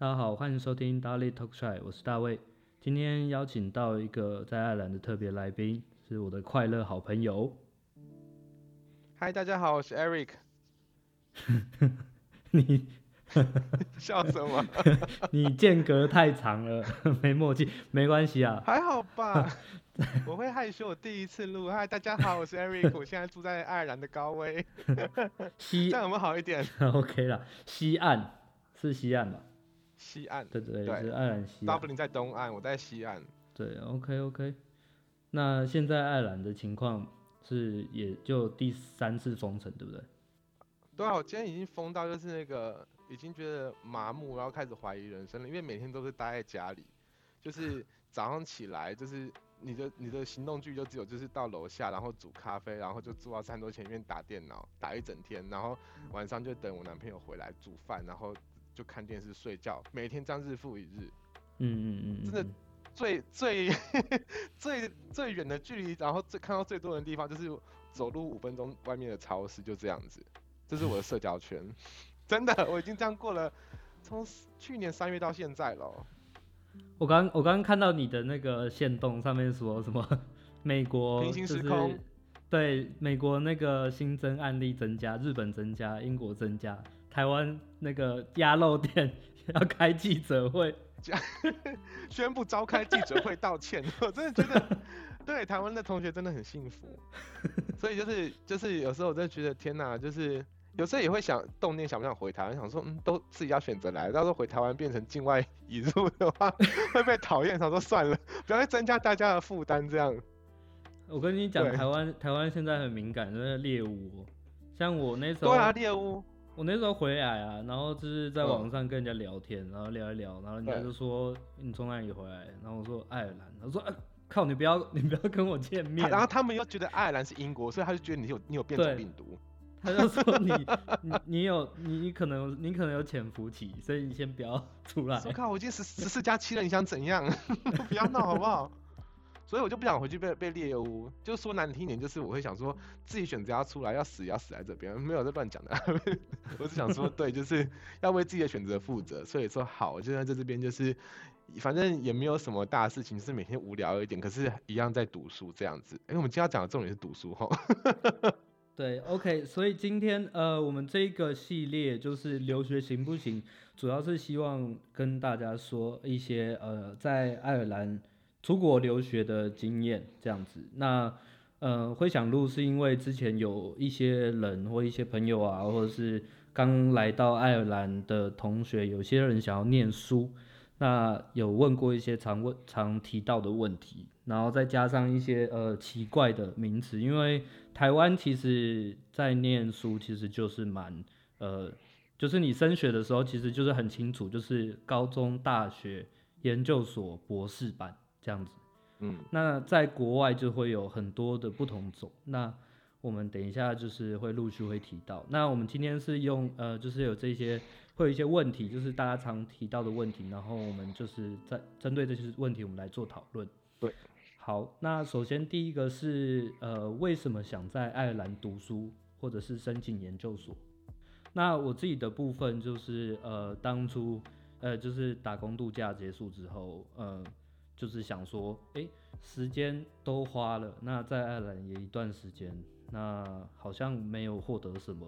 大家好，歡迎收聽 Daily Talk Show 我是大衛。今天邀請到一個在愛爾蘭的特別來賓，是我的快樂好朋友。Hi，大家好，我是 Eric。 你笑什麼？ 你間隔太長了，沒默契，沒關係啊。 還好吧，我會害羞。我第一次錄。嗨，大家好，我是 Eric， 我現在住在愛爾蘭的高威。 西這樣有沒有好一點？ OK 了，西岸是西岸吧，啊？西岸，對對對，對是愛爾蘭西岸都柏林在東岸，我在西岸。對，OK OK。那現在愛爾蘭的情況是也就第三次封城，對不對？對啊，我今天已經封到就是那個已經覺得麻木，然後開始懷疑人生了，因為每天都是待在家裡，就是早上起來就是你的你的行動距離就只有就是到樓下然後煮咖啡，然後就坐到餐桌前面打電腦打一整天，然後晚上就等我男朋友回來煮飯，然後。就看電視睡覺，每天這樣日復一日，嗯，真的最，最呵呵最最最遠的距離，然後最看到最多的地方就是走路五分鐘外面的超市，就這樣子，這是我的社交圈， 真的，我已經這樣過了，從去年三月到現在了。我剛我剛看到你的那個限動上面說什麼，美國、就是、平行時空，對，美國那個新增案例增加，日本增加，英國增加。台灣那個鴨肉店要開記者會，講 宣布召開記者會道歉，我真的覺得對台灣的同學真的很幸福，所以就是就是有時候我就覺得天哪，就是有時候也會想動念想不想回台灣，想說嗯都自己要選擇來，到時候回台灣變成境外移入的話會被討厭，想說算了，不要增加大家的負擔這樣。我跟你講，對 台灣台灣現在很敏感，真的獵巫，像我那時候對啊獵巫。獵我那時候回來啊，然後就是在網上跟人家聊天，嗯、然後聊一聊，然後人家就說對你從哪裡回來？然後我說愛爾蘭，他說、欸、靠，你不要你不要跟我見面、啊。然後他們又覺得愛爾蘭是英國，所以他就覺得你有你有變種病毒，他就說你你，你有你你可能你可能有潛伏期，所以你先不要出來。我靠，我已經十十四加七了，你想怎樣？ 不要鬧好不好？所以我就不想回去被被獵巫，就說難聽一點，就是我會想說自己選擇要出來，要死也要死在這邊，沒有在亂講的，啊， 我只想說對，就是要為自己的選擇負責。所以說好，我現在在這邊，就是反正也沒有什麼大事情，就是每天無聊一點，可是一樣在讀書這樣子。因、欸、為我們今天要講的重點是讀書哈。 對，OK，所以今天呃，我們這一個系列就是留學行不行，主要是希望跟大家說一些呃，在愛爾蘭。出國留學的經驗這樣子，那呃，會想錄是因為之前有一些人或一些朋友啊，或者是剛來到愛爾蘭的同學，有些人想要念書，那有問過一些常問、常提到的問題，然後再加上一些呃奇怪的名詞。因為台灣其實，在念書其實就是蠻呃，就是你升學的時候其實就是很清楚，就是高中、大學、研究所、博士班。這樣子，嗯，那在國外就會有很多的不同種，那我們等一下就是會陸續會提到。那我們今天是用呃，就是有這些會有一些問題，就是大家常提到的問題，然後我們就是在針對這些問題，我們來做討論。對，好，那首先第一個是呃，為什麼想在愛爾蘭讀書或者是申請研究所？那我自己的部分就是呃，當初呃，就是打工度假結束之後，呃。就是想說，哎、欸，時間都花了，那在愛爾蘭也一段時間，那好像沒有獲得什麼，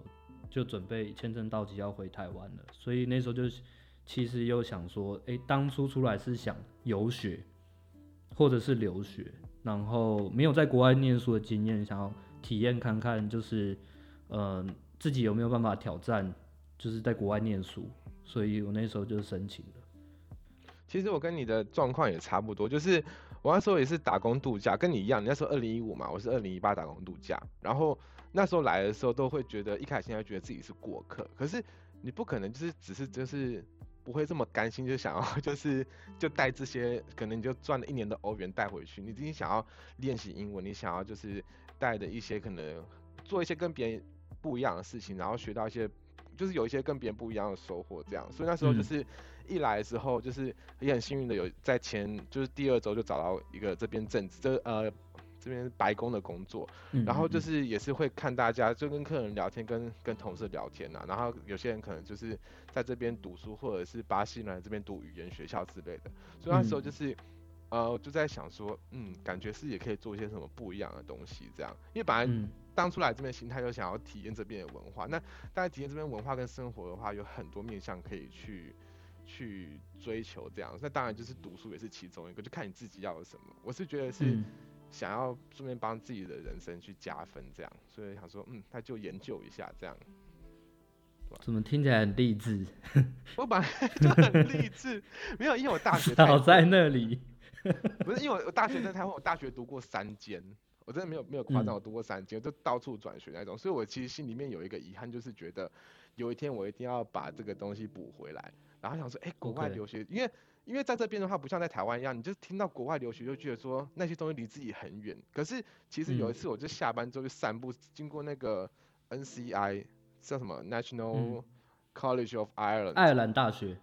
就準備簽證到期要回臺灣了。所以那時候就其實又想說，哎、欸，當初出來是想遊學或者是留學，然後沒有在國外念書的經驗，想要體驗看看，就是嗯、呃，自己有沒有辦法挑戰，就是在國外念書。所以我那時候就申請了。其實我跟你的狀況也差不多，就是我那時候也是打工度假，跟你一樣。你那時候二零一五嘛，我是二零一八打工度假。然後那時候來的時候，都會覺得一開始還覺得自己是過客。可是你不可能就是只是就是不會這麼甘心，就想要就是就帶這些，可能你就賺了一年的歐元帶回去。你自己想要練習英文，你想要就是帶的一些可能做一些跟別人不一樣的事情，然後學到一些。就是有一些跟別人不一樣的收穫，這樣，所以那時候就是一來的時候，就是也很幸運的有在前，就是第二周就找到一個這邊政這呃這邊白宮的工作，然後就是也是會看大家就跟客人聊天，跟跟同事聊天吶、啊，然後有些人可能就是在這邊讀書，或者是巴西人來這邊讀語言學校之類的，所以那時候就是。呃，我就在想說，嗯，感覺是也可以做一些什麼不一樣的東西，這樣，因為本來當初來這邊心態就想要體驗這邊的文化，嗯、那當然體驗這邊文化跟生活的話，有很多面向可以去去追求，這樣，那當然就是讀書也是其中一個，就看你自己要什麼。我是覺得是想要順便幫自己的人生去加分，這樣，所以想說，嗯，他就研究一下這樣。怎麼聽起來很勵志？我本來就很勵志， 沒有，因為我大學倒在那裡。 不是因為我大學在台灣，我大學讀過三間，我真的沒有沒有誇張，我讀過三間，嗯、就到處轉學那種。所以我其實心裡面有一個遺憾，就是覺得有一天我一定要把這個東西補回來。然後想說，哎、欸，國外留學，Okay. 因為因為在這邊的話，不像在台灣一樣，你就聽到國外留學，就覺得說那些東西離自己很遠，可是其實有一次，我就下班之後就散步，經過那個 N C I，嗯，叫什麼 National College of Ireland，愛爾蘭大學。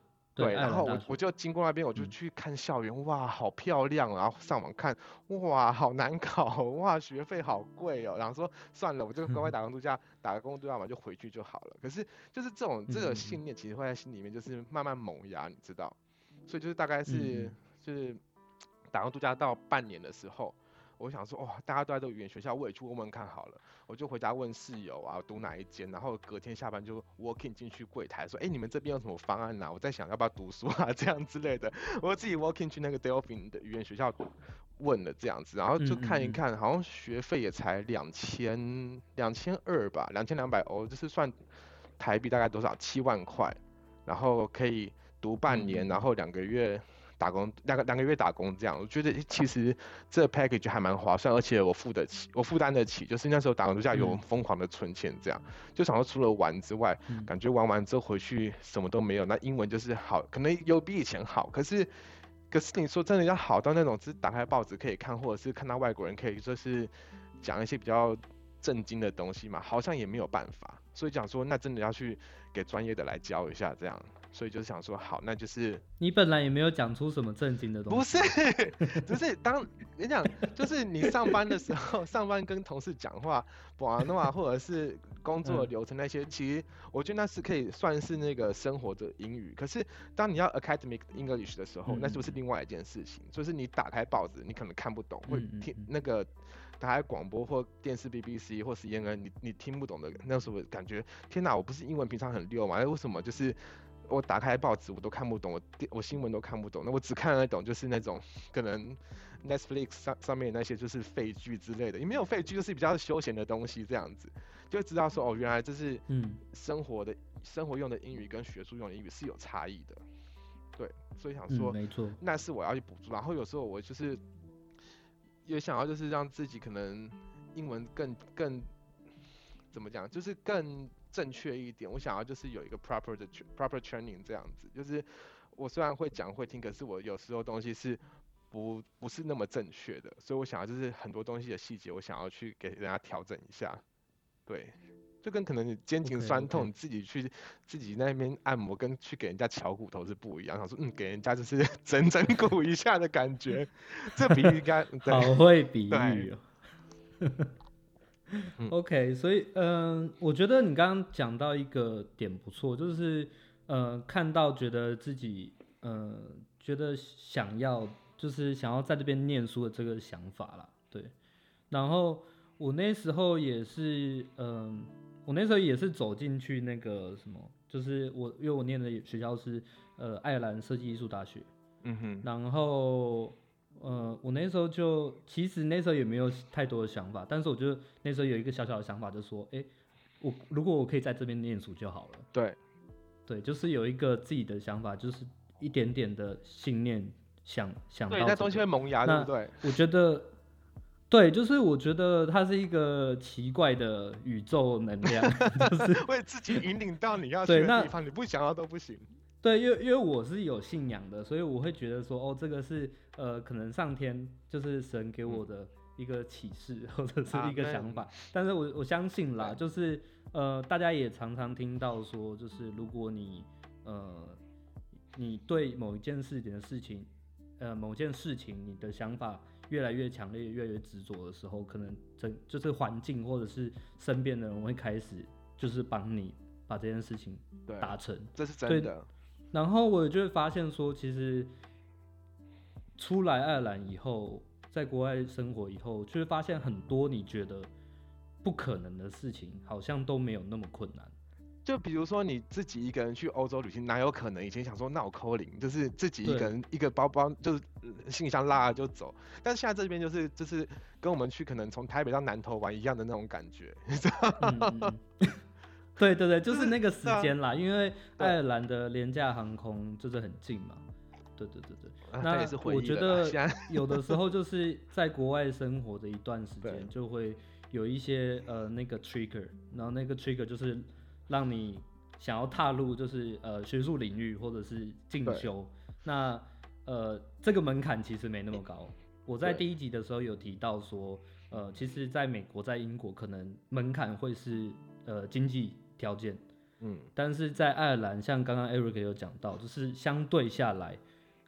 對，然後我我就經過那邊，我就去看校園，嗯、哇，好漂亮！然後上網看，哇，好難考，哇，學費好貴哦。然後說算了，我就乖乖打工度假，嗯、打工度假嘛，就回去就好了。可是就是這種這個信念，其實會在心裡面就是慢慢萌芽，你知道。所以就是大概是、嗯、就是打工度假到半年的時候。我想說，哦，大家都在這個語言學校，我也去問問看好了。我就回家問室友啊，讀哪一間？然後隔天下班就 walking 進去櫃檯說，哎，你們這邊有什麼方案呢、啊、我在想要不要讀書啊，這樣之類的。我就自己 walking 去那個 Delfin 的語言學校問了這樣子，然後就看一看，好像學費也才兩千兩千二吧，兩千兩百歐，這、就是算台幣大概多少？七萬塊，然後可以讀半年，嗯、然後兩個月。打工兩個兩個月打工這樣，我覺得其實這 package 還蠻划算，而且我付得起，我負擔得起。就是那時候打工度假有瘋狂的存錢，這樣、嗯、就想說除了玩之外，嗯、感覺玩完之後回去什麼都沒有。那英文就是好，可能有比以前好，可是，可是你說真的要好到那種，只打開報紙可以看，或者是看到外國人可以說是講一些比較震驚的東西嘛，好像也沒有辦法。所以講說那真的要去給專業的來教一下這樣。所以就是想說，好，那就是你本來也沒有講出什麼震驚的東西。不是，就是當你講，就是你上班的時候，上班跟同事講話，的話，或者是工作流程那些，其實我覺得那是可以算是那個生活的英語。可是當你要 academic English 的時候，那就是另外一件事情。就是你打開報紙，你可能看不懂，或聽那個打開廣播或電視，BBC 或是 CNN，你你聽不懂的，那時候感覺天哪，我不是英文平常很溜嘛？哎，為什麼就是？我打開報紙，我都看不懂；我我新聞都看不懂。那我只看得懂，就是那種可能 Netflix 上上面那些就是廢劇之類的，也沒有廢劇，就是比較休閒的東西這樣子，就知道說哦，原來這是生活的生活用的英語跟學術用的英語是有差異的。對，所以想說、嗯、沒錯，那是我要去補助。然後有時候我就是也想要，就是讓自己可能英文更更怎麼講，就是更。正確一點，我想要就是有一個 proper 的 tra proper training 這樣子，就是我雖然會講會聽，可是我有時候東西是不不是那麼正確的，所以我想要就是很多東西的細節，我想要去給人家調整一下。對，就跟可能你肩頸酸痛，okay, 你自己去 okay. 自己那邊按摩，跟去給人家敲骨頭是不一樣。想說，嗯，給人家就是整整骨一下的感覺， 這比喻，該 好會比喻。對 OK，所以嗯、呃，我覺得你剛剛講到一個點不錯，就是呃，看到覺得自己呃，覺得想要就是想要在這邊念書的這個想法啦。對。然後我那時候也是嗯、呃，我那時候也是走進去那個什麼，就是我因為我念的學校是呃愛爾蘭設計藝術大學，嗯哼，然後。呃，我那時候就其實那時候也沒有太多的想法，但是我就那時候有一個小小的想法，就說，誒、欸，我如果我可以在這邊念書就好了。對，對，就是有一個自己的想法，就是一點點的信念想，想想、想到這個。對，那東西會萌芽，對不對？ 我覺得，對，就是我覺得它是一個奇怪的宇宙能量， 就是會 自己引領到你要去那地方，你不想要都不行。對，因為因為我是有信仰的，所以我會覺得說，哦，這個是呃，可能上天就是神給我的一個啟示，嗯、或者是一個想法。啊、但是我，我我相信啦，對就是呃，大家也常常聽到說，就是如果你呃，你對某一件事情，呃，某件事情，你的想法越來越強烈，越來越執着的時候，可能整就是環境或者是身邊的人會開始就是幫你把這件事情達成，對。這是真的。然後我就會發現說，其實出來愛爾蘭以後，在國外生活以後，就會發現很多你覺得不可能的事情，好像都沒有那麼困難。就比如說你自己一個人去歐洲旅行，哪有可能？以前想說，那我 c 就是自己一個人對一個包包，就是行李箱拉了就走。但是現在這邊就是就是跟我們去可能從台北到南投玩一樣的那種感覺。 嗯對對對，就是那個時間啦，嗯、因為愛爾蘭的廉價航空就是很近嘛。對對對對，啊、那我覺得有的時候就是在國外生活的一段時間，就會有一些對呃那個 trigger，然後那個 trigger 就是讓你想要踏入就是呃學術領域或者是進修。對那呃這個門檻其實沒那麼高，我在第一集的時候有提到說，對呃其實在美國在英國可能門檻會是呃經濟。條件，嗯，但是在愛爾蘭，像剛剛 Eric 有講到，就是相對下來，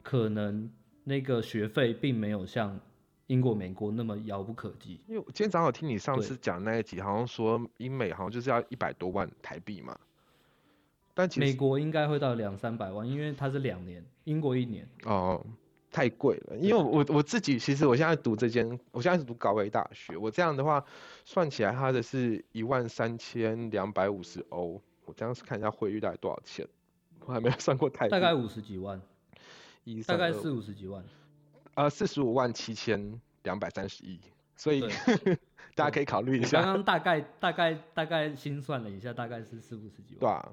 可能那個學費並沒有像英國、美國那麼遙不可及。因為我今天早上有聽你上次講那一集，對好像說英美好像就是要一百多萬台幣嘛，但其實美國應該會到兩三百萬，因為它是兩年，英國一年哦。太貴了，因為我我自己其實我現在讀這間，我現在是讀高威大學，我這樣的話，算起來它的是一萬三千兩百五十歐，我這樣是看一下匯率大概多少錢，我還沒有算過太大概五十幾萬，大概四五十幾萬，啊、呃，四十五萬七千兩百三十一，所以對 大家可以考慮一下，剛剛大概大概大概心算了一下，大概是四五十幾萬，對啊。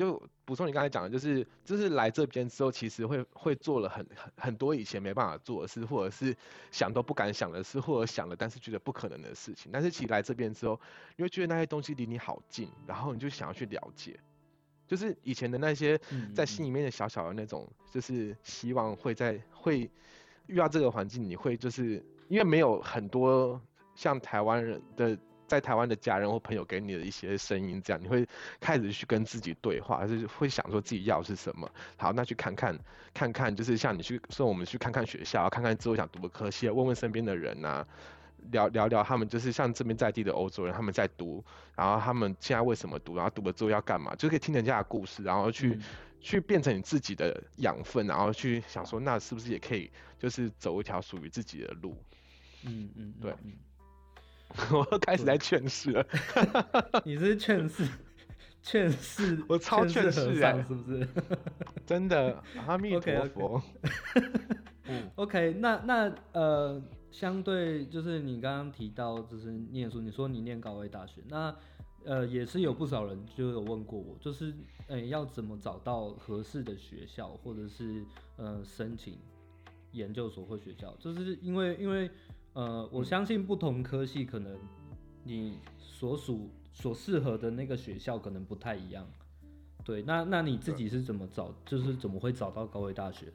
就補充你剛才講的，就是就是來這邊之後，其實會會做了很很很多以前沒辦法做的事，或者是想都不敢想的事，或者想了但是覺得不可能的事情。但是其實來這邊之後，你會覺得那些東西離你好近，然後你就想要去了解，就是以前的那些在心裡面的小小的那種，嗯嗯，就是希望會在會遇到這個環境，你會就是因為沒有很多像台灣人的。在台灣的家人或朋友給你的一些聲音，這樣你會開始去跟自己對話，還、就是會想說自己要是什麼。好，那去看看，看看，就是像你去說我們去看看學校，看看之後想讀的科系，問問身邊的人啊，聊聊聊他們，就是像這邊在地的歐洲人，他們在讀，然後他們現在為什麼讀，然後讀了之後要幹嘛，就可以聽人家的故事，然後去、嗯、去變成你自己的養分，然後去想說那是不是也可以，就是走一條屬於自己的路？嗯嗯，嗯嗯對。 我開始來勸世了，對 你是勸世，勸世，我超勸世哎，是不是？ 真的，阿彌陀佛。Okay, okay. OK，那那呃，相對就是你剛剛提到就是念書，你說你念高威大學，那呃也是有不少人就有問過我，就是呃、欸、要怎麼找到合適的學校，或者是呃申請研究所或學校，就是因為因為。呃，我相信不同科系可能，你所屬所適合的那個學校可能不太一樣。對，那那你自己是怎麼找，嗯、就是怎麼會找到高威大學？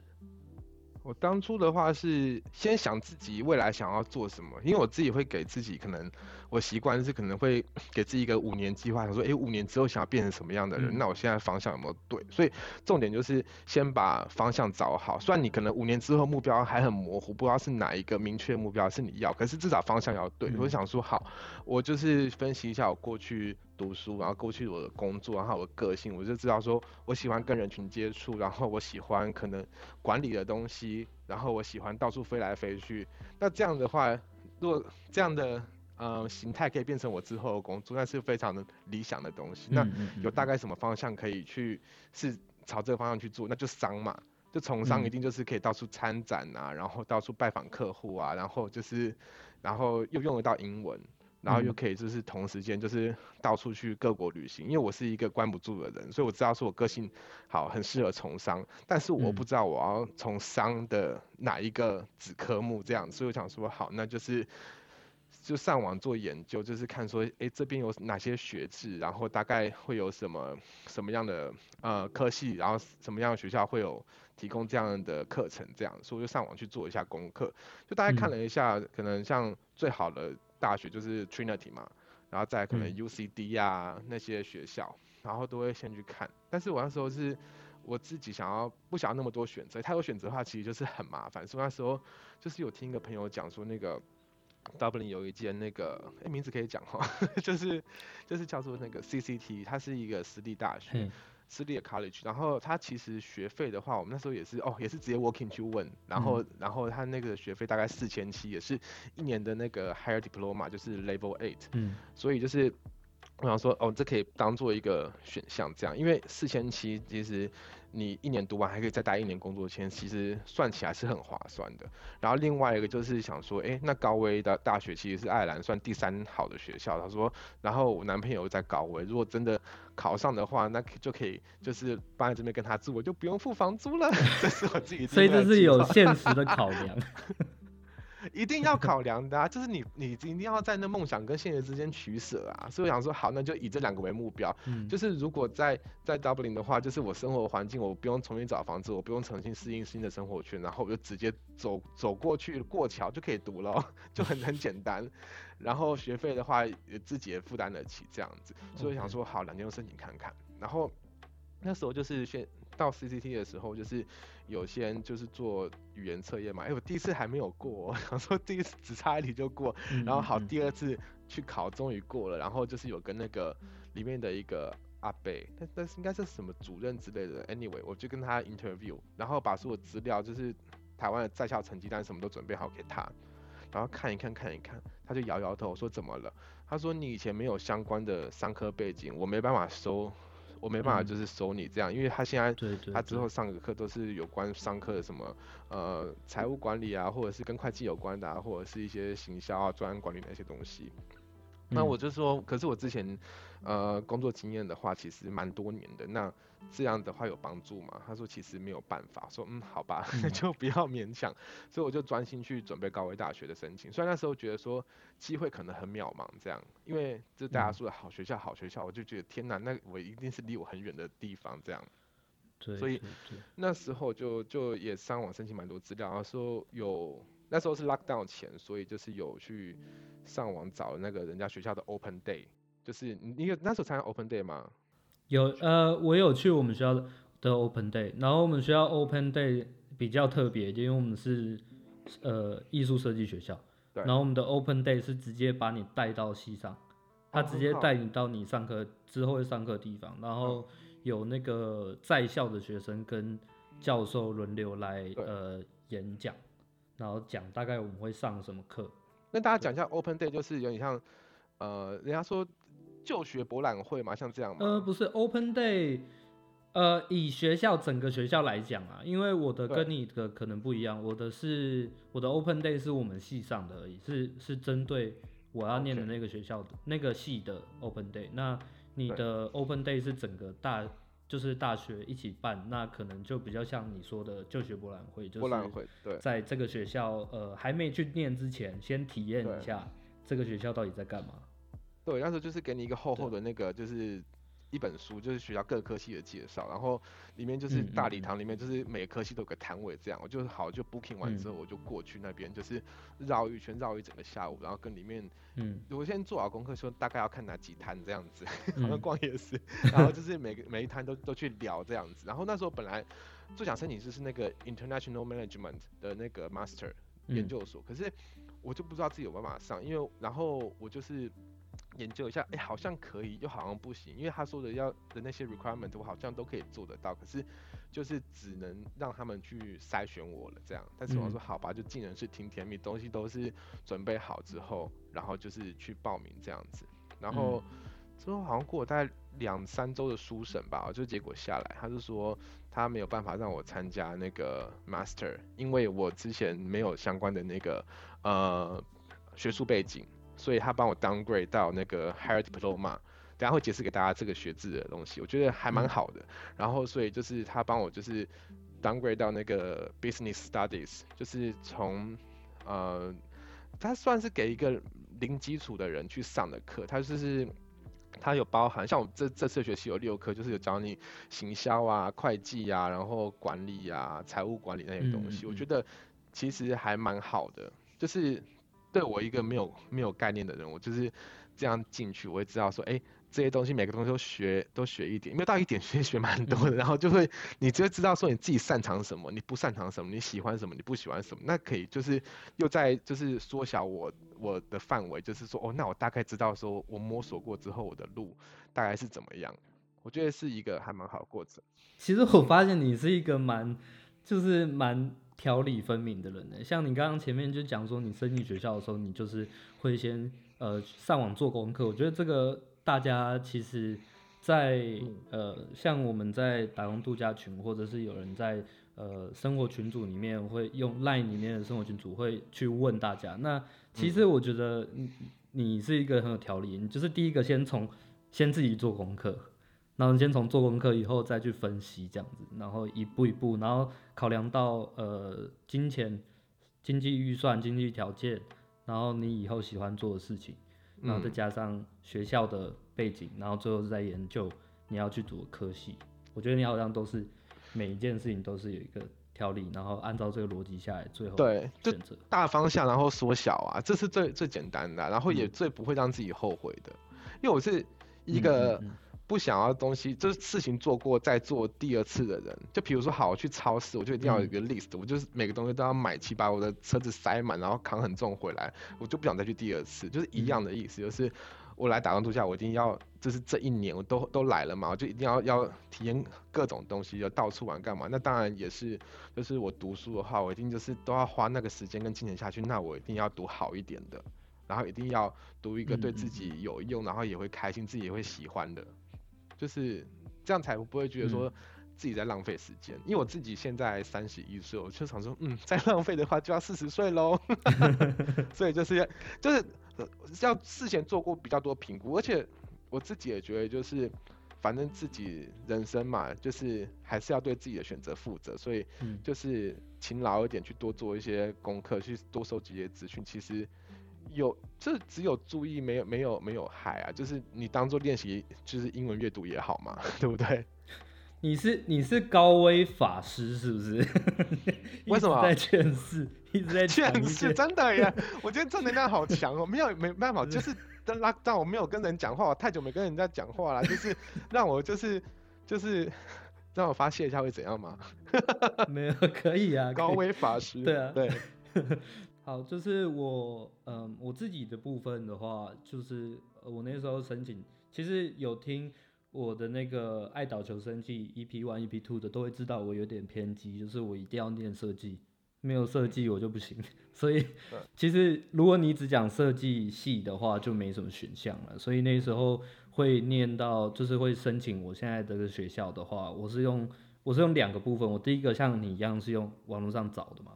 我當初的話是先想自己未來想要做什麼，因為我自己會給自己可能。我習慣是可能會給自己一個五年計劃，想說，哎、欸，五年之後想要變成什麼樣的人？嗯、那我現在方向有沒有對？所以重點就是先把方向找好。雖然你可能五年之後目標還很模糊，不知道是哪一個明確目標是你要，可是至少方向要對。嗯、我想說，好，我就是分析一下我過去讀書，然後過去我的工作，然後我的個性，我就知道說，我喜歡跟人群接觸，然後我喜歡可能管理的東西，然後我喜歡到處飛來飛去。那這樣的話，如果這樣的。嗯、呃，形態可以變成我之後的工作，那是非常的理想的東西。那有大概什麼方向可以去？是朝這個方向去做？那就商嘛，就從商一定就是可以到處參展啊，然後到處拜訪客戶啊，然後就是，然後又用得到英文，然後又可以就是同時間就是到處去各國旅行。因為我是一個關不住的人，所以我知道說我個性好很適合從商，但是我不知道我要從商的哪一個子科目這樣，所以我想說好，那就是。就上網做研究，就是看說，哎、欸，這邊有哪些學制，然後大概會有什麼什麼樣的呃科系，然後什麼樣的學校會有提供這樣的課程，這樣，所以我就上網去做一下功課。就大概看了一下，嗯、可能像最好的大學就是 Trinity 嘛，然後在可能 U C D 呀，那些學校，然後都會先去看。但是我那時候是我自己想要不想要那麼多選擇，太多選擇的話，其實就是很麻煩。所以我那時候就是有聽一個朋友講說那個。W 有一間那個哎、欸、名字可以講哈，就是就是叫做那個 CCT，它是一個私立大學，私立、嗯、的 college。然後它其實學費的話，我們那時候也是哦，也是直接 working 去問，然後、嗯、然後它那個學費大概四千七，也是一年的那個 Higher Diploma，就是 Level Eight。嗯，所以就是我想說哦，這可以當做一個選項這樣，因為四千七其實。你一年讀完還可以再待一年工作簽，其實算起來是很划算的。然後另外一個就是想說，誒，那高威的大學其實是愛爾蘭算第三好的學校。他說，然後我男朋友在高威，如果真的考上的話，那就可以就是搬來這邊跟他住，我就不用付房租了。 這是我自己， 所以這是有現實的考量。 一定要考量的啊，就是你你一定要在那夢想跟現實之間取捨啊。所以我想說，好，那就以這兩個為目標。嗯，就是如果在在 Dublin 的話，就是我生活環境，我不用重新找房子，我不用重新適應新的生活圈，然後我就直接走走過去過橋就可以讀了，就很很簡單。 然後學費的話，也自己也負擔得起這樣子。所以我想說，好，兩間都申請看看。然後那時候就是先。到 CCT 的時候，就是有些人就是做語言測驗嘛。哎、欸，我第一次還沒有過、哦，然後說第一次只差一題就過。嗯嗯嗯，然後好，第二次去考終於過了。然後就是有跟那個裡面的一個阿北，但但是應該是什麼主任之類的。Anyway，我就跟他 interview，然後把所有資料，就是台灣的在校成績單什麼都準備好給他，然後看一看看一看，他就搖搖頭說怎麼了？他說你以前沒有相關的商科背景，我沒辦法收。我沒辦法，就是收你這樣，嗯、因為他現在，對對對對，他之後上的課都是有關商科的什麼，呃，財務管理啊，或者是跟會計有關的、啊，或者是一些行銷啊、專案管理那些東西。那我就說，可是我之前，呃，工作經驗的話，其實蠻多年的。那這樣的話有幫助嗎？他說其實沒有辦法，說嗯好吧，嗯、 就不要勉強。所以我就專心去準備高威大學的申請。雖然那時候覺得說機會可能很渺茫，這樣，因為就大家說的好學校好學校，我就覺得天吶，那我一定是離我很遠的地方這樣。所以那時候就就也上網申請蠻多資料、啊，然後說有。那時候是 lockdown 前，所以就是有去上網找那個人家學校的 open day，就是你有那時候參加 open day 嗎？有，呃，我有去我們學校的 open day，然後我們學校 open day 比較特別，因為我們是呃藝術設計學校，對然後我們的 open day 是直接把你帶到系上，他直接帶你到你上課之後會上課的地方，然後有那個在校的學生跟教授輪流來對呃演講。然後講大概我們會上什麼課，那大家講一下 Open Day 就是有點像對呃，人家說就學博覽會嘛，像這樣嗎？呃，不是 Open Day。呃，以學校整個學校來講啊，因為我的跟你的可能不一樣，對我的是，我的 Open Day 是我們系上的而已，是是針對我要念的那個學校的是那個系的 Open Day。那你的 Open Day 是整個大，就是大學一起辦，那可能就比較像你說的就學博覽會，就是對，在這個學校呃還沒去念之前，先體驗一下這個學校到底在幹嘛。對，那時候就是給你一個厚厚的那個就是。一本書就是學校各科系的介紹，然後裡面就是大禮堂裡面就是每科系都有個攤位這樣，嗯嗯、我就是好就 booking 完之後我就過去那邊，嗯、就是繞一圈繞一整個下午，然後跟裡面，嗯，我先做好功課說大概要看哪幾攤這樣子，嗯、 好像逛夜市，然後就是每個 每一攤都都去聊這樣子，然後那時候本來，最想申請就是那個 international management 的那個 master 研究所，嗯、可是我就不知道自己有沒有辦法上，因為然後我就是。研究一下，哎、欸，好像可以，又好像不行，因為他說的要的那些 requirement，我好像都可以做得到，可是就是只能讓他們去篩選我了這樣。但是我說好吧，就盡人事聽天命，東西都是準備好之後，然後就是去報名這樣子。然後之後好像過了大概兩三周的書審吧，就結果下來，他就說他沒有辦法讓我參加那個 master，因為我之前沒有相關的那個呃學術背景。所以他幫我 downgrade 到那個 Higher Diploma，等下會解釋給大家這個學制的東西，我覺得還蠻好的。然後，所以就是他幫我就是 downgrade 到那個 Business Studies，就是從呃，他算是給一個零基礎的人去上的課。他就是他有包含，像我這這次學習有六科，就是有教你行銷啊、會計啊、然後管理啊、財務管理那些東西。我覺得其實還蠻好的，就是。對我一個沒有沒有概念的人，我就是這樣進去，我會知道說，哎，這些東西每個東西都學都學一點，沒有到一點，學學蠻多的，然後就會，你就會知道說你自己擅長什麼，你不擅長什麼，你喜歡什麼，你不喜歡什麼，那可以就是又在就是縮小我我的範圍，就是說哦，那我大概知道說，我摸索過之後我的路大概是怎麼樣，我覺得是一個還蠻好的過程。其實我發現你是一個蠻，就是蠻。條理分明的人呢、欸，像你剛剛前面就講說，你申請學校的時候，你就是會先呃上網做功課。我覺得這個大家其實在，在呃像我們在打工度假群，或者是有人在呃生活群組裡面，會用 line 裡面的生活群組會去問大家。那其實我覺得你、嗯、你是一個很有條理，你就是第一個先從先自己做功課。那先從做功課以後再去分析這樣子，然後一步一步，然後考量到呃金錢、經濟預算、經濟條件，然後你以後喜歡做的事情，然後再加上學校的背景，然後最後再研究你要去讀的科系。我覺得你好像都是每一件事情都是有一個條理，然後按照這個邏輯下來，最後選擇對，選擇大方向，然後縮小啊，這是最最簡單的、啊，然後也最不會讓自己後悔的，嗯、因為我是一個。嗯嗯不想要東西，就是事情做過再做第二次的人，就比如說好，我去超市，我就一定要有一個 list、嗯、我就是每個東西都要買齊，把我的車子塞滿，然後扛很重回來，我就不想再去第二次，就是一樣的意思，就是我來打工度假，我一定要就是這一年我都都來了嘛，我就一定要要體驗各種東西，要到處玩幹嘛。那當然也是，就是我讀書的話，我一定就是都要花那個時間跟金錢下去，那我一定要讀好一點的，然後一定要讀一個對自己有用，嗯、然後也會開心，自己也會喜歡的。就是這樣才不會覺得說自己在浪費時間，嗯、因為我自己現在三十一歲，我就想說，嗯，再浪費的話就要四十歲嘍。 所以就是要就是、呃、要事前做過比較多評估，而且我自己也覺得就是反正自己人生嘛，就是還是要對自己的選擇負責，所以就是勤勞一點，去多做一些功課，去多收集一些資訊，其實。有，就只有注意，沒有沒有沒有害啊！就是你當做練習，就是英文閱讀也好嘛，對不對？你是你是高威法師是不是？為什麼、啊？在勸世，一直在勸世， 真的呀、啊！我覺得正能量好強哦， 沒有沒辦法， 就是拉，但我沒有跟人講話，我太久沒跟人家講話了，就是讓我就是就是讓我發洩一下會怎樣嗎？ 沒有，可以啊。以高威法師。對啊，對。 好，就是我，嗯、呃，我自己的部分的話，就是我那時候申請，其實有聽我的那個《愛島求生記》EP One、EP Two 的，都會知道我有點偏激，就是我一定要念設計，沒有設計我就不行。所以，其實如果你只講設計系的話，就沒什麼選項了。所以那時候會念到，就是會申請我現在的這個學校的話，我是用，我是用兩個部分，我第一個像你一樣是用網絡上找的嘛。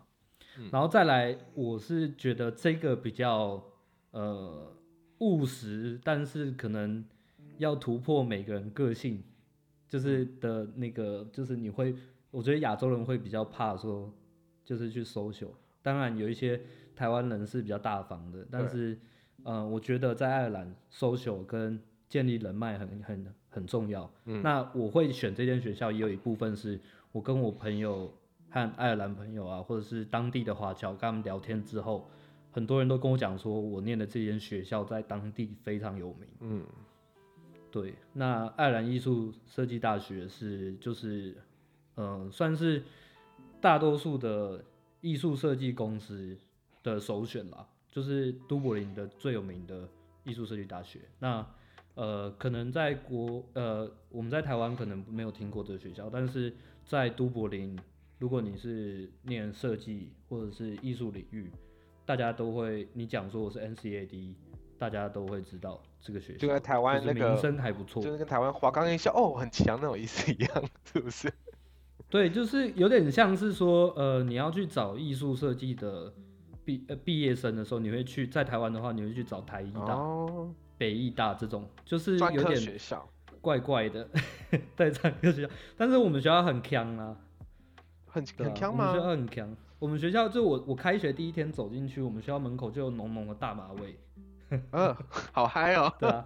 然後再來，我是覺得這個比較呃務實，但是可能要突破每個人個性，就是的那個，就是你會，我覺得亞洲人會比較怕說，就是去 social。當然有一些台灣人是比較大方的，對但是呃，我覺得在愛爾蘭 social 跟建立人脈很很很重要。嗯、那我會選這間學校，也有一部分是我跟我朋友。和愛爾蘭朋友啊，或者是當地的華僑，跟他們聊天之後，很多人都跟我講說，我念的這間學校在當地非常有名。嗯，對，那愛爾蘭藝術設計大學是就是，嗯、呃，算是大多數的藝術設計公司的首選啦，就是都柏林的最有名的藝術設計大學。那呃，可能在國呃，我們在台灣可能沒有聽過這個學校，但是在都柏林。如果你是念設計或者是藝術領域，大家都會你講說，我是 N C A D，大家都會知道這個學校，就在台灣就是名聲還不錯，那個，就是跟台灣華岡藝校哦，很強那種意思一樣，是不是？對，就是有點像是說，呃，你要去找藝術設計的畢呃畢業生的時候，你會去在台灣的話，你會去找台藝大，哦，北藝大這種，就是有點怪怪的， 在這學校，但是我們學校很強啊。很強嗎？對啊，我們學校很強。我們學校就我我開學第一天走進去，我們學校門口就有濃濃的大麻味。嗯，好嗨哦！對啊。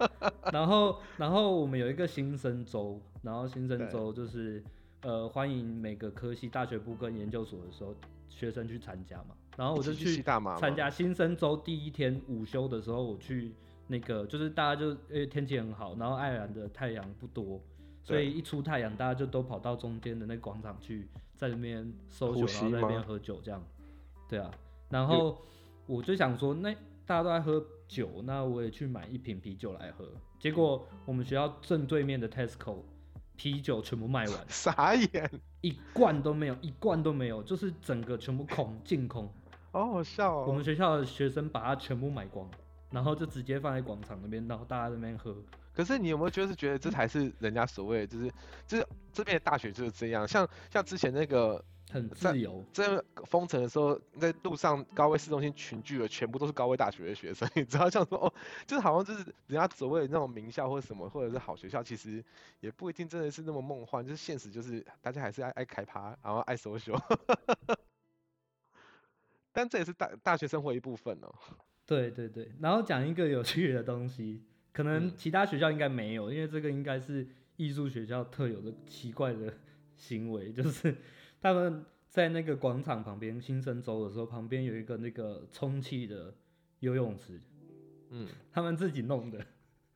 然後然後我們有一個新生周，然後新生周就是對呃歡迎每個科系大學部跟研究所的時候學生去參加嘛。然後我就去參加新生周第一天午休的時候，我去那個就是大家就因為天氣很好，然後愛爾蘭的太陽不多，所以一出太陽對大家就都跑到中間的那廣場去。在那邊收酒，然後在那邊喝酒，這樣，對啊。然後我就想說，那大家都在喝酒，那我也去買一瓶啤酒來喝。結果我們學校正對面的 Tesco 啤酒全部賣完，傻眼，一罐都沒有，一罐都沒有，就是整個全部空，淨空，好好笑哦。我們學校的學生把它全部買光，然後就直接放在廣場那邊，然後大家在那邊喝。可是你有沒有就是覺得這才是人家所謂就是，就是這邊的大學就是這樣，像像之前那個很自由，在封城的時候，在路上高威市中心群聚的全部都是高威大學的學生，你知道像說哦，就是好像就是人家所謂的那種名校或者什麼或者是好學校，其實也不一定真的是那麼夢幻，就是現實就是大家還是愛愛開趴，然後愛 social， 但這也是大大學生活一部分哦。對對對，然後講一個有趣的東西。可能其他學校應該沒有，嗯、因為這個應該是藝術學校特有的奇怪的行為，就是他們在那個廣場旁邊新生周的時候，旁邊有一個那個充氣的游泳池，嗯，他們自己弄的，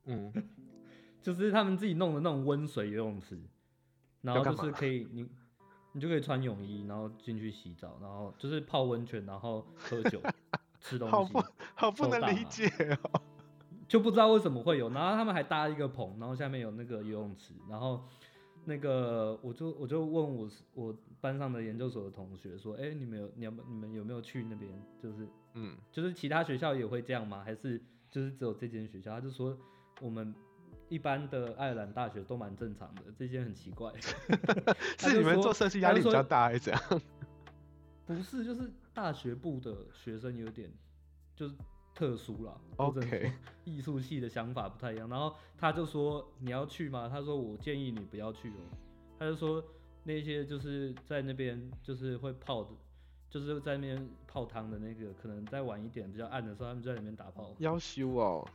嗯， 就是他們自己弄的那種溫水游泳池，然後就是可以你你就可以穿泳衣，然後進去洗澡，然後就是泡溫泉，然後喝酒 吃東西，好不好不能理解哦、喔。就不知道為什麼會有，然後他們還搭一個棚，然後下面有那個游泳池，然後那個我就我就問我我班上的研究所的同學說，哎、欸，你們有你們你們有沒有去那邊？就是嗯，就是其他學校也會這樣嗎？還是就是只有這間學校？他就說，我們一般的愛爾蘭大學都蠻正常的，這間很奇怪， 說是你們做設計壓力比較大還是怎樣？不是，就是大學部的學生有點就是。特殊了好的。藝術 Okay. 系的想法不太一樣。然後他就說：“你要去嗎？”他說：“我建議你不要去哦。”他就說：“那些就是在那邊，就是會泡的，就是在那邊泡湯的那個，可能再晚一點比較暗的時候，他們就在裡面打炮。”夭壽哦，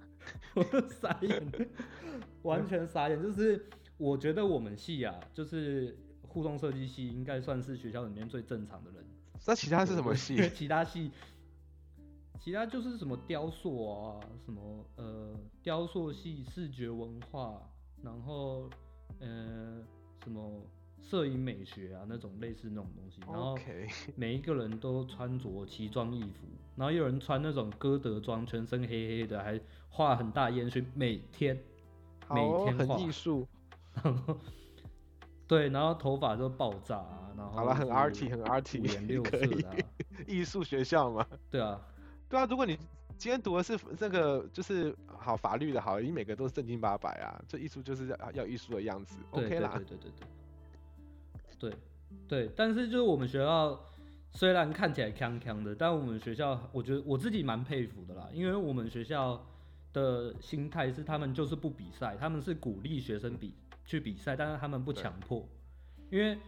我都傻眼， 完全傻眼。就是我覺得我們系啊，就是互動設計系，應該算是學校裡面最正常的人。那其他是什麼系？其他系。其他就是什麼雕塑啊，什麼呃雕塑系、視覺文化，然後呃什麼攝影美學啊那種類似那種東西，Okay. 然後每一個人都穿着奇裝異服，然後又有人穿那種歌德裝，全身黑黑、黑的，還畫很大煙燻，每天好每天畫，很藝術。對，然後頭髮都爆炸，啊，然後很 arty，很 arty，五顏六色的，啊，藝術學校嘛，對啊。對啊，如果你今天讀的是這個，就是好法律的好，你每個都是正經八百啊。這藝術就是要要藝術的樣子對，OK 啦。對對對對對。對，但是就是我們學校雖然看起來鏘鏘的，但我們學校我覺得我自己蠻佩服的啦，因為我們學校的心態是他們就是不比賽，他們是鼓勵學生比去比賽，但是他們不強迫。對因為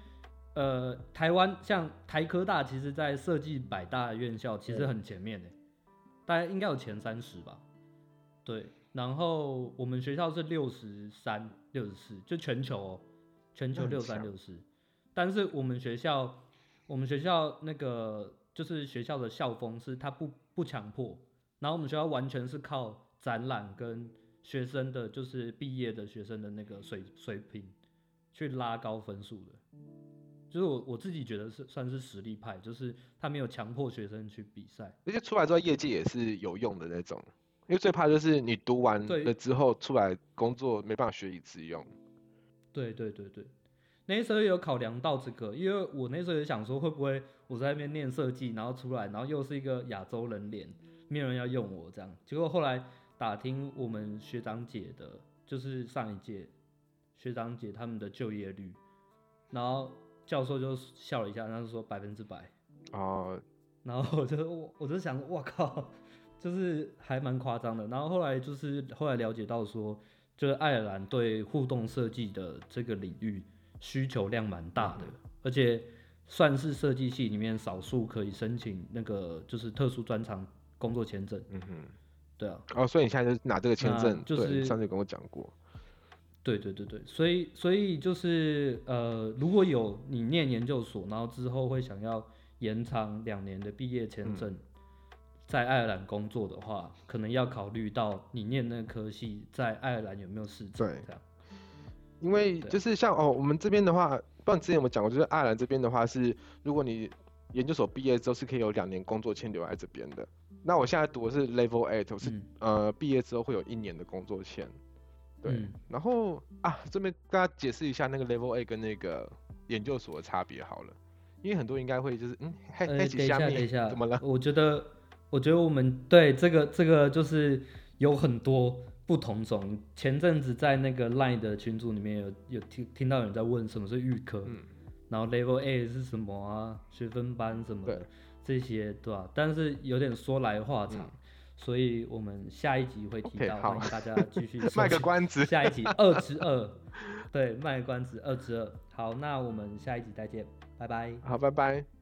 呃，台灣像台科大，其實，在設計百大院校其實很前面的、欸。大概應該有前三十吧，對。然後我們學校是六十三、六十四，就全球喔，全球六三、六十四。但是我們學校，我們學校那個就是學校的校風是他不不強迫，然後我們學校完全是靠展覽跟學生的，就是畢業的學生的那個水水平，去拉高分數的。就是我我自己覺得是算是實力派，就是他沒有強迫學生去比賽，而且出來之後業界也是有用的那種。因為最怕就是你讀完了之後出來工作沒辦法學以致用。對對對對，那時候有考量到這個，因為我那時候也想說會不會我在那邊念設計，然後出來，然後又是一個亞洲人臉，沒有人要用我這樣。結果後來打聽我們學長姐的，就是上一屆學長姐他們的就業率，然後。教授就笑了一下，然後說百分之百。哦，然後我就我我就想，我靠，就是還蠻誇張的。然後後來就是後來了解到說，就是愛爾蘭對互動設計的這個領域需求量蠻大的，嗯、而且算是設計系裡面少數可以申請那個就是特殊專長工作簽證。嗯哼，對啊，哦，所以你現在就拿這個簽證，就是，上次跟我講過。對對對對，所以所以就是呃，如果有你念研究所，然後之後會想要延長兩年的畢業簽證，在愛爾蘭工作的話，嗯、可能要考慮到你念那科系在愛爾蘭有沒有市場。對，因為就是像哦，我們這邊的話，不然之前有沒有講過，就是愛爾蘭這邊的話是，如果你研究所畢業之後是可以有兩年工作簽留在這邊的。那我現在讀的是 Level Eight，我是、嗯、呃，畢業之後會有一年的工作簽。對，然後、嗯、啊，這邊大家解釋一下那個 Level A 跟那個研究所的差別好了，因為很多人應該會就是嗯，等一下，麼等一下，怎麼了？我覺得，我覺得我們對這個這個就是有很多不同種。前陣子在那個 Line 的群組裡面有有聽聽到有人在問什麼是預科，嗯、然後 Level A 是什麼啊，學分班什麼的對這些對吧，啊？但是有點說來話長。嗯所以我們下一集會提到，okay, 好歡迎大家繼續收聽。賣 個關子，下一集二之二，對，賣關子二之二。好，那我們下一集再見，拜拜。好，拜拜。